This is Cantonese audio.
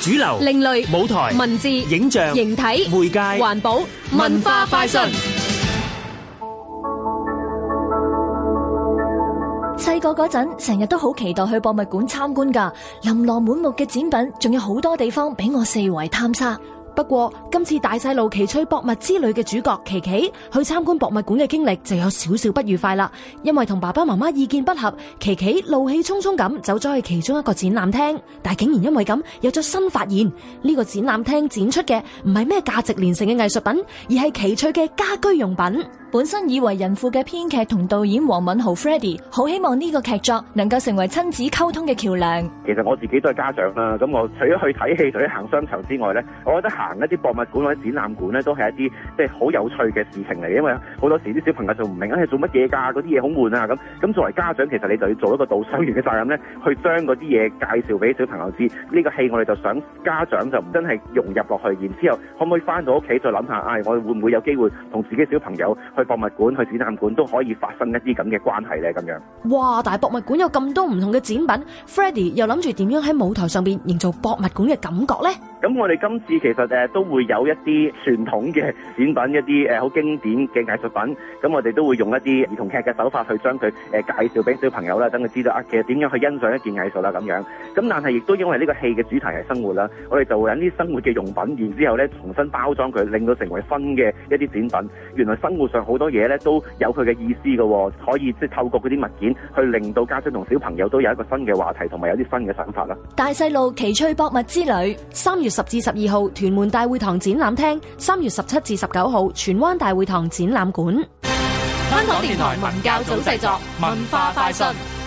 主流、另類、舞台、文字、影像、形體、媒介、環保、文化快訊。細個嗰陣，成日都好期待去博物館參觀㗎，琳琅滿目嘅展品，仲有好多地方俾我四圍探索。不過今次大細路奇趣博物之旅嘅主角琪琪去參觀博物館嘅經歷就有少少不愉快啦，因為同爸爸媽媽意見不合，琪琪怒氣沖沖咁走咗去其中一個展覽廳，但竟然因為咁有咗新發現。呢個展覽廳展出嘅唔係咩價值連城嘅藝術品，而係奇趣嘅家居用品。本身以為人父嘅編劇同導演黃敏豪 Freddie 好希望呢個劇作能夠成為親子溝通嘅橋樑。其實我自己都係家長啦，咁我除咗去睇戲、除咗行商場之外咧，我覺得行一啲博物館或者展覽館咧，都係一啲即係好有趣嘅事情嚟。因為好多時啲小朋友就唔明係做乜嘢噶，嗰啲嘢好悶啊。咁咁、啊、作為家長，其實你就要做一個導賞員嘅責任咧，去將嗰啲嘢介紹俾小朋友知。呢、這個戲我哋就想家長就真係融入落去，然之後可唔可以翻到屋企再諗下，唉、啊，我哋會唔會有機會同自己小朋友？去博物館、去展覽館都可以發生一啲咁嘅關係咧，咁樣哇！但係博物館有咁多唔同嘅展品，Freddy 又諗住點樣喺舞台上邊營造博物館嘅感覺呢？咁我哋今次其實誒都會有一啲傳統嘅展品，一啲誒好經典嘅藝術品。咁我哋都會用一啲兒童劇嘅手法去將佢誒介紹俾小朋友啦，等佢知道啊，其實點樣去欣賞一件藝術啦，咁樣。咁但係亦都因為呢個戲嘅主題係生活啦，我哋就會揾啲生活嘅用品，然之後咧重新包裝佢，令到成為新嘅一啲展品。原來生活上。好多嘢咧都有佢嘅意思嘅，可以即係透過嗰啲物件去令到家長同小朋友都有一個新嘅話題，同埋有啲新嘅想法啦。大細路奇趣博物之旅，三月十至十二號，屯門大會堂展覽廳；三月十七至十九號，荃灣大會堂展覽館。香港電台文教組製作文化快訊。